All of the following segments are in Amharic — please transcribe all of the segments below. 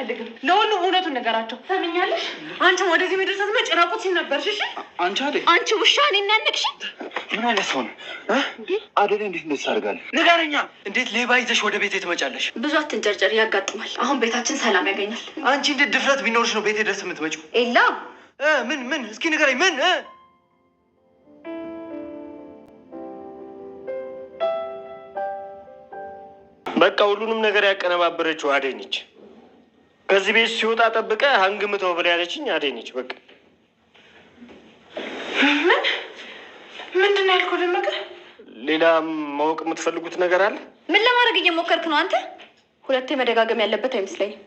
አልፈልግም። ለሁሉም እውነቱን ነገራቸው። ሰምኛለሽ። አንቺም ወደዚህ ምድር ስትመጪ ራቁት ሲነበርሽ እሺ። አንቺ አደ አንቺ ውሻ ኔ እናንቅሽ። ምን አይነት ሰው ነው አደለ? እንዴት እንደዚህ ታደርጋለህ? ንገረኛ። እንዴት ሌባ ይዘሽ ወደ ቤቴ ትመጫለሽ? ብዙ አትንጨርጨር፣ ያጋጥማል። አሁን ቤታችን ሰላም ያገኛል። አንቺ እንዴት ድፍረት ቢኖርሽ ነው ቤቴ ደስ የምትመጪው? ኤላ ምን ምን እስኪ ንገረኝ ምን በቃ ሁሉንም ነገር ያቀነባበረችው አደይ ነች። ከዚህ ቤት ሲወጣ ጠብቀ አንግምተው ብላ ያለችኝ አደይ ነች። በቃ ምን ምንድን ነው ያልኩህ? ሌላ ማወቅ የምትፈልጉት ነገር አለ? ምን ለማድረግ እየሞከርክ ነው አንተ? ሁለቴ መደጋገም ያለበት አይመስለኝም።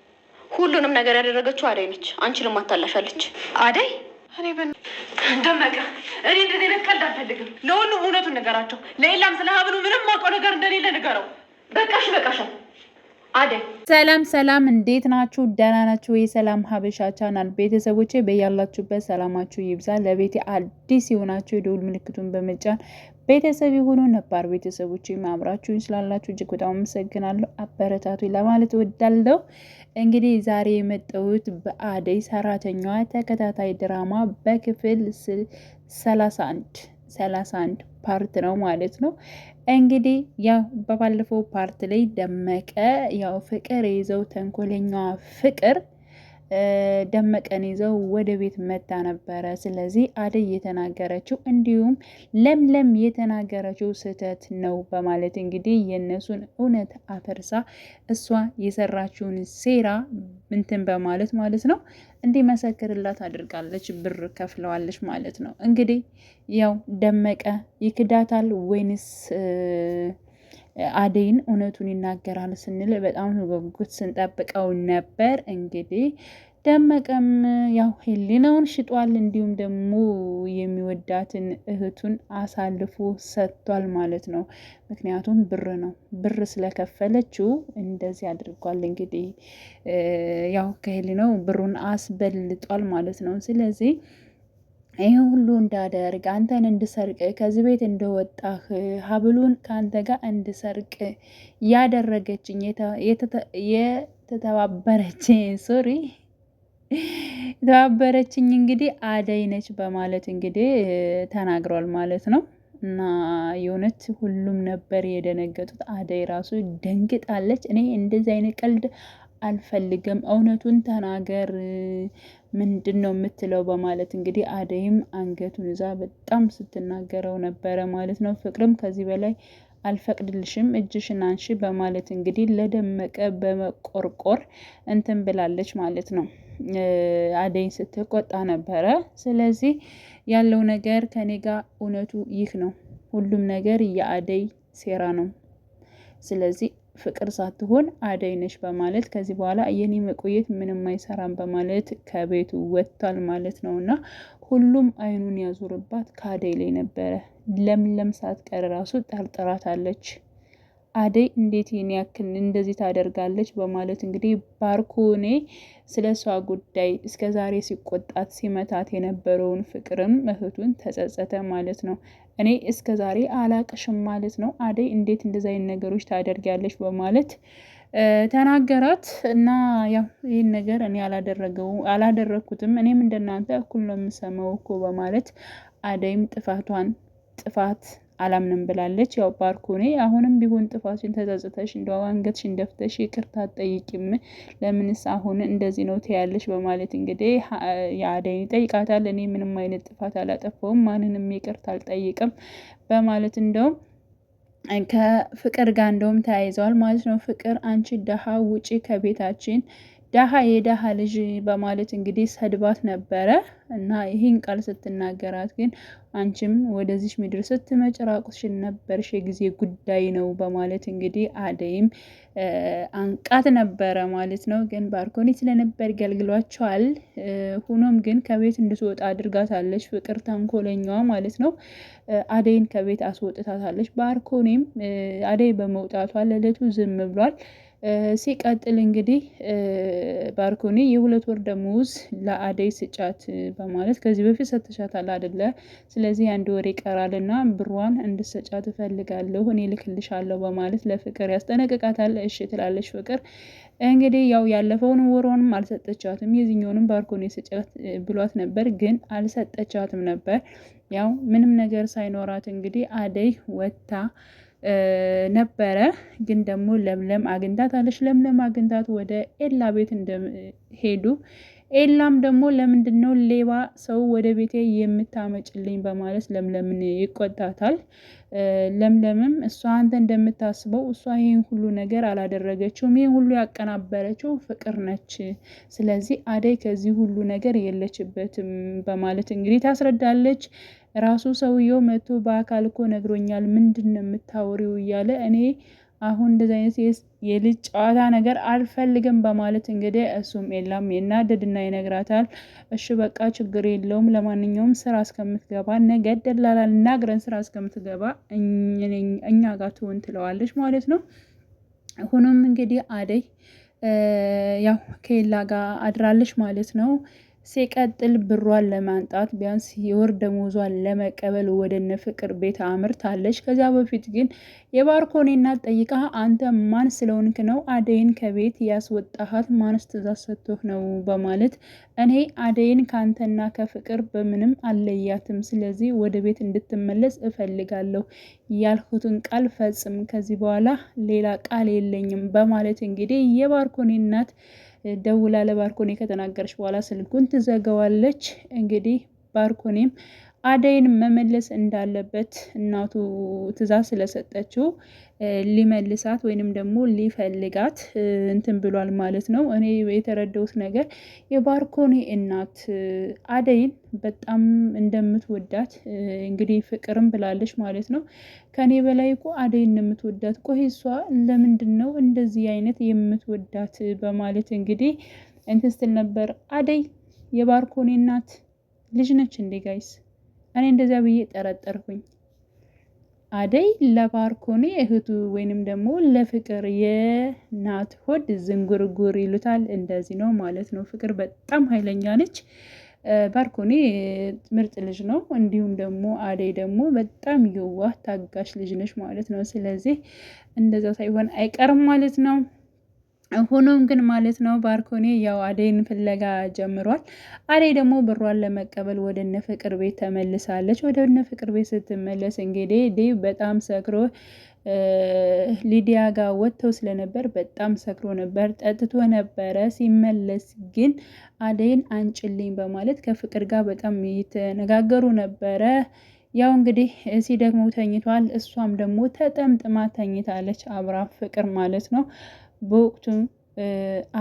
ሁሉንም ነገር ያደረገችው አደይ ነች። አንቺንም አታላሻለች አደይ። እኔ ደመቀ፣ እኔ እንደዚህ ቀልድ አልፈልግም። ለሁሉም እውነቱን ነገራቸው። ለሌላም ስለ ሀብሉ ምንም ማውቀው ነገር እንደሌለ ንገረው። በቃሽ፣ በቃሻል ሰላም ሰላም፣ እንዴት ናችሁ? ደህና ናችሁ? የሰላም ሀበሻ ቻናል ቤተሰቦቼ በያላችሁበት ሰላማችሁ ይብዛ። ለቤቴ አዲስ የሆናችሁ የደውል ምልክቱን በመጫን ቤተሰብ የሆኑ ነባር ቤተሰቦች ማምራችሁን ስላላችሁ እጅግ በጣም አመሰግናለሁ። አበረታቱ ለማለት እወዳለሁ። እንግዲህ ዛሬ የመጣሁት በአደይ ሰራተኛዋ ተከታታይ ድራማ በክፍል ሰላሳ አንድ ሰላሳ አንድ ፓርት ነው ማለት ነው። እንግዲህ ያው በባለፈው ፓርት ላይ ደመቀ ያው ፍቅር የይዘው ተንኮለኛዋ ፍቅር ደመቀን ይዘው ወደ ቤት መታ ነበረ። ስለዚህ አደይ የተናገረችው እንዲሁም ለምለም የተናገረችው ስህተት ነው በማለት እንግዲህ የእነሱን እውነት አፈርሳ እሷ የሰራችውን ሴራ እንትን በማለት ማለት ነው እንዲመሰክርላት አድርጋለች። ብር ከፍለዋለች ማለት ነው። እንግዲህ ያው ደመቀ ይክዳታል ወይንስ አደይን እውነቱን ይናገራል ስንል በጣም በጉጉት ስንጠብቀው ነበር። እንግዲህ ደመቀም ያው ህሊናውን ሽጧል፣ እንዲሁም ደግሞ የሚወዳትን እህቱን አሳልፎ ሰጥቷል ማለት ነው። ምክንያቱም ብር ነው ብር ስለከፈለችው እንደዚህ አድርጓል። እንግዲህ ያው ከህሊናው ብሩን አስበልጧል ማለት ነው። ስለዚህ ይህ ሁሉ እንዳደርግ አንተን እንድሰርቅ ከዚህ ቤት እንደወጣህ ሀብሉን ከአንተ ጋር እንድሰርቅ ያደረገችኝ የተተባበረች ሶሪ የተባበረችኝ እንግዲህ አደይ ነች በማለት እንግዲህ ተናግሯል ማለት ነው። እና የእውነት ሁሉም ነበር የደነገጡት። አደይ ራሱ ደንግጣለች። እኔ እንደዚህ አይነት ቀልድ አልፈልግም፣ እውነቱን ተናገር ምንድን ነው የምትለው? በማለት እንግዲህ አደይም አንገቱን እዛ በጣም ስትናገረው ነበረ ማለት ነው። ፍቅርም ከዚህ በላይ አልፈቅድልሽም እጅሽን አንሺ በማለት እንግዲህ ለደመቀ በመቆርቆር እንትን ብላለች ማለት ነው። አደይ ስትቆጣ ነበረ። ስለዚህ ያለው ነገር ከኔ ጋር እውነቱ ይህ ነው። ሁሉም ነገር የአደይ ሴራ ነው። ስለዚህ ፍቅር ሳትሆን አደይ ነሽ በማለት ከዚህ በኋላ የኔ መቆየት ምንም አይሰራም በማለት ከቤቱ ወጥቷል ማለት ነው እና ሁሉም አይኑን ያዞርባት ከአደይ ላይ ነበረ። ለምለም ሳትቀር ራሱ ጠርጥራታለች። አደይ እንዴት ይህን ያክል እንደዚህ ታደርጋለች? በማለት እንግዲህ ባርኮኔ ስለ እሷ ጉዳይ እስከ ዛሬ ሲቆጣት ሲመታት የነበረውን ፍቅርም እህቱን ተጸጸተ ማለት ነው። እኔ እስከ ዛሬ አላቅሽም ማለት ነው። አደይ እንዴት እንደዚህ አይነት ነገሮች ታደርጊያለች? በማለት ተናገራት እና ያው ይህን ነገር እኔ አላደረገው አላደረግኩትም እኔም እንደናንተ እኩል ነው የምሰማው እኮ በማለት አደይም ጥፋቷን ጥፋት አላምንም ብላለች። ያው ባርኮኔ አሁንም ቢሆን ጥፋትሽን ተጸጽተሽ እንደው አንገትሽን ደፍተሽ ይቅርታ አትጠይቂም? ለምንስ አሁን እንደዚህ ነው ትያለሽ? በማለት እንግዲህ የአደይን ይጠይቃታል። እኔ ምንም አይነት ጥፋት አላጠፋውም፣ ማንንም ይቅርታ አልጠይቅም በማለት እንደውም ከፍቅር ጋር እንደውም ተያይዘዋል ማለት ነው። ፍቅር አንቺ ደሃ ውጪ ከቤታችን ደሃ የደሃ ልጅ በማለት እንግዲህ ሰድባት ነበረ እና ይህን ቃል ስትናገራት ግን አንቺም ወደዚች ምድር ስትመጭ ራቁትሽን ነበርሽ የጊዜ ጉዳይ ነው በማለት እንግዲህ አደይም አንቃት ነበረ ማለት ነው። ግን ባርኮኒ ስለነበር ገልግሏቸዋል። ሆኖም ግን ከቤት እንድትወጣ አድርጋታለች። ፍቅር ተንኮለኛዋ ማለት ነው። አደይን ከቤት አስወጥታታለች። ባርኮኒም አደይ በመውጣቷ ለለቱ ዝም ብሏል። ሲቀጥል እንግዲህ ባርኮኒ የሁለት ወር ደመወዝ ለአደይ ስጫት በማለት ከዚህ በፊት ሰጥተሻታል አይደለ? ስለዚህ አንድ ወር ይቀራልና ብሯን እንድሰጫት እፈልጋለሁ እኔ ልክልሻለሁ በማለት ለፍቅር ያስጠነቅቃታል። እሺ ትላለች ፍቅር። እንግዲህ ያው ያለፈውን ወሮንም አልሰጠቻትም፣ የዚኛውንም ባርኮኒ ስጫት ብሏት ነበር፣ ግን አልሰጠቻትም ነበር። ያው ምንም ነገር ሳይኖራት እንግዲህ አደይ ወታ ነበረ። ግን ደግሞ ለምለም አግኝታት አለች። ለምለም አግኝታት ወደ ኤላ ቤት እንደሄዱ ኤላም ደግሞ ለምንድን ነው ሌባ ሰው ወደ ቤቴ የምታመጭልኝ በማለት ለምለምን ይቆጣታል። ለምለምም እሷ አንተ እንደምታስበው እሷ ይህን ሁሉ ነገር አላደረገችውም፣ ይህን ሁሉ ያቀናበረችው ፍቅር ነች። ስለዚህ አደይ ከዚህ ሁሉ ነገር የለችበትም በማለት እንግዲህ ታስረዳለች። ራሱ ሰውየው መቶ በአካል እኮ ነግሮኛል ምንድን ነው የምታወሪው እያለ እኔ አሁን እንደዚ አይነት የልጅ ጨዋታ ነገር አልፈልግም በማለት እንግዲህ እሱም የላም የናደድና ይነግራታል። እሺ በቃ ችግር የለውም ለማንኛውም ስራ እስከምትገባ ነገ ደላላል እናግረን ስራ እስከምትገባ እኛ ጋር ትሆን ትለዋለች ማለት ነው። ሆኖም እንግዲህ አደይ ያው ከኤላ ጋር አድራለች ማለት ነው። ሲቀጥል ብሯን ለማንጣት ቢያንስ የወር ደመወዟን ለመቀበል ወደነ ፍቅር ቤት አምርታለች። ከዚያ በፊት ግን የባርኮኔ እናት ጠይቃ አንተ ማን ስለሆንክ ነው አደይን ከቤት ያስወጣሃት? ማንስ ትእዛዝ ሰጥቶህ ነው? በማለት እኔ አደይን ከአንተና ከፍቅር በምንም አለያትም፣ ስለዚህ ወደ ቤት እንድትመለስ እፈልጋለሁ። ያልኩትን ቃል ፈጽም፣ ከዚህ በኋላ ሌላ ቃል የለኝም በማለት እንግዲህ የባርኮኔ እናት ደውላ ለባርኮኔ ከተናገረች በኋላ ስልኩን ትዘጋዋለች። እንግዲህ ባርኮኔም አደይን መመለስ እንዳለበት እናቱ ትዕዛዝ ስለሰጠችው ሊመልሳት ወይንም ደግሞ ሊፈልጋት እንትን ብሏል ማለት ነው። እኔ የተረዳሁት ነገር የባርኮኔ እናት አደይን በጣም እንደምትወዳት እንግዲህ ፍቅርም ብላለች ማለት ነው። ከኔ በላይ እኮ አደይን እንደምትወዳት ቆይ እሷ ለምንድን ነው እንደዚህ አይነት የምትወዳት በማለት እንግዲህ እንትን ስትል ነበር። አደይ የባርኮኔ እናት ልጅ ነች እንዴ ጋይስ? እኔ እንደዚያ ብዬ ጠረጠርኩኝ። አደይ ለባርኮኔ እህቱ ወይንም ደግሞ ለፍቅር የናት ሆድ ዝንጉርጉር ይሉታል። እንደዚህ ነው ማለት ነው። ፍቅር በጣም ኃይለኛ ነች። ባርኮኔ ምርጥ ልጅ ነው። እንዲሁም ደግሞ አደይ ደግሞ በጣም የዋህ ታጋሽ ልጅ ነች ማለት ነው። ስለዚህ እንደዛ ሳይሆን አይቀርም ማለት ነው። ሆኖም ግን ማለት ነው ባርኮኔ ያው አደይን ፍለጋ ጀምሯል። አደይ ደግሞ ብሯን ለመቀበል ወደ እነ ፍቅር ቤት ተመልሳለች። ወደ እነ ፍቅር ቤት ስትመለስ እንግዲህ ዴ በጣም ሰክሮ ሊዲያ ጋር ወጥተው ስለነበር በጣም ሰክሮ ነበር፣ ጠጥቶ ነበረ። ሲመለስ ግን አደይን አንጭልኝ በማለት ከፍቅር ጋር በጣም የተነጋገሩ ነበረ። ያው እንግዲህ ሲደግመው ተኝቷል። እሷም ደግሞ ተጠምጥማ ተኝታለች፣ አብራ ፍቅር ማለት ነው በወቅቱም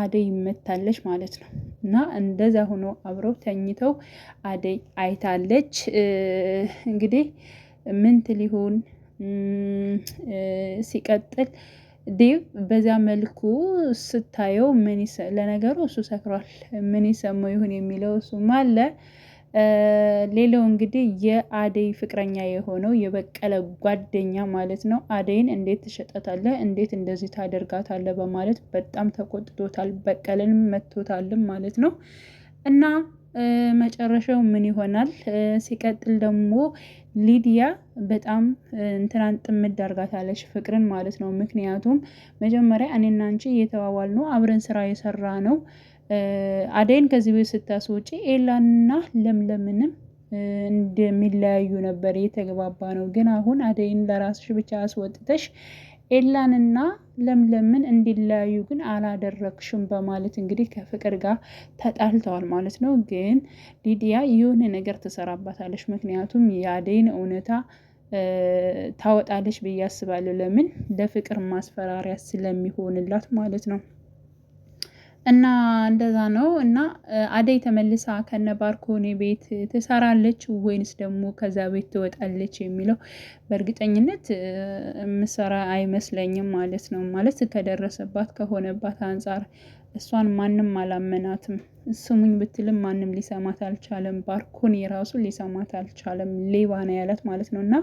አደይ ይመታለች ማለት ነው። እና እንደዛ ሆኖ አብረው ተኝተው አደይ አይታለች። እንግዲህ ምንት ሊሆን ሲቀጥል ዴቭ በዛ መልኩ ስታየው ምን ለነገሩ እሱ ሰክሯል። ምን ይሰማው ይሁን የሚለው እሱም አለ። ሌላው እንግዲህ የአደይ ፍቅረኛ የሆነው የበቀለ ጓደኛ ማለት ነው አደይን እንዴት ትሸጠታለህ? እንዴት እንደዚህ ታደርጋታለህ? በማለት በጣም ተቆጥቶታል። በቀለን መቶታልም ማለት ነው እና መጨረሻው ምን ይሆናል? ሲቀጥል ደግሞ ሊዲያ በጣም እንትናን ጥምድ አርጋታለች ፍቅርን ማለት ነው። ምክንያቱም መጀመሪያ እኔና አንቺ እየተባባል ነው አብረን ስራ የሰራ ነው አደይን ከዚህ ቤት ስታስወጪ ኤላንና ለምለምንም እንደሚለያዩ ነበር የተግባባ ነው። ግን አሁን አደይን ለራስሽ ብቻ አስወጥተሽ ኤላንና ለምለምን እንዲለያዩ ግን አላደረግሽም በማለት እንግዲህ ከፍቅር ጋር ተጣልተዋል ማለት ነው። ግን ሊዲያ የሆነ ነገር ትሰራባታለች። ምክንያቱም የአደይን እውነታ ታወጣለች ብዬ አስባለሁ። ለምን ለፍቅር ማስፈራሪያ ስለሚሆንላት ማለት ነው። እና እንደዛ ነው። እና አደይ ተመልሳ ከነ ባርኮኔ ቤት ትሰራለች ወይንስ ደግሞ ከዛ ቤት ትወጣለች የሚለው በእርግጠኝነት ምሰራ አይመስለኝም ማለት ነው። ማለት ከደረሰባት ከሆነባት አንጻር እሷን ማንም አላመናትም። ስሙኝ ብትልም ማንም ሊሰማት አልቻለም። ባርኮኔ ራሱ ሊሰማት አልቻለም። ሌባ ነው ያላት ማለት ነው እና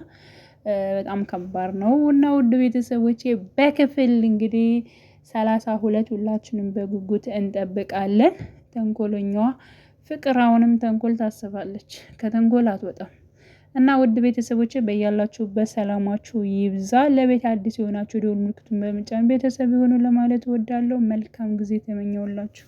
በጣም ከባድ ነው። እና ውድ ቤተሰቦቼ በክፍል እንግዲህ ሰላሳ ሁለት ሁላችንም በጉጉት እንጠብቃለን። ተንኮለኛዋ ፍቅር አሁንም ተንኮል ታስባለች፣ ከተንኮል አትወጣም። እና ውድ ቤተሰቦች በያላችሁበት ሰላማችሁ ይብዛ። ለቤት አዲስ የሆናችሁ ደውል ምልክቱን በመጫን ቤተሰብ የሆኑ ለማለት እወዳለሁ። መልካም ጊዜ ተመኘውላችሁ።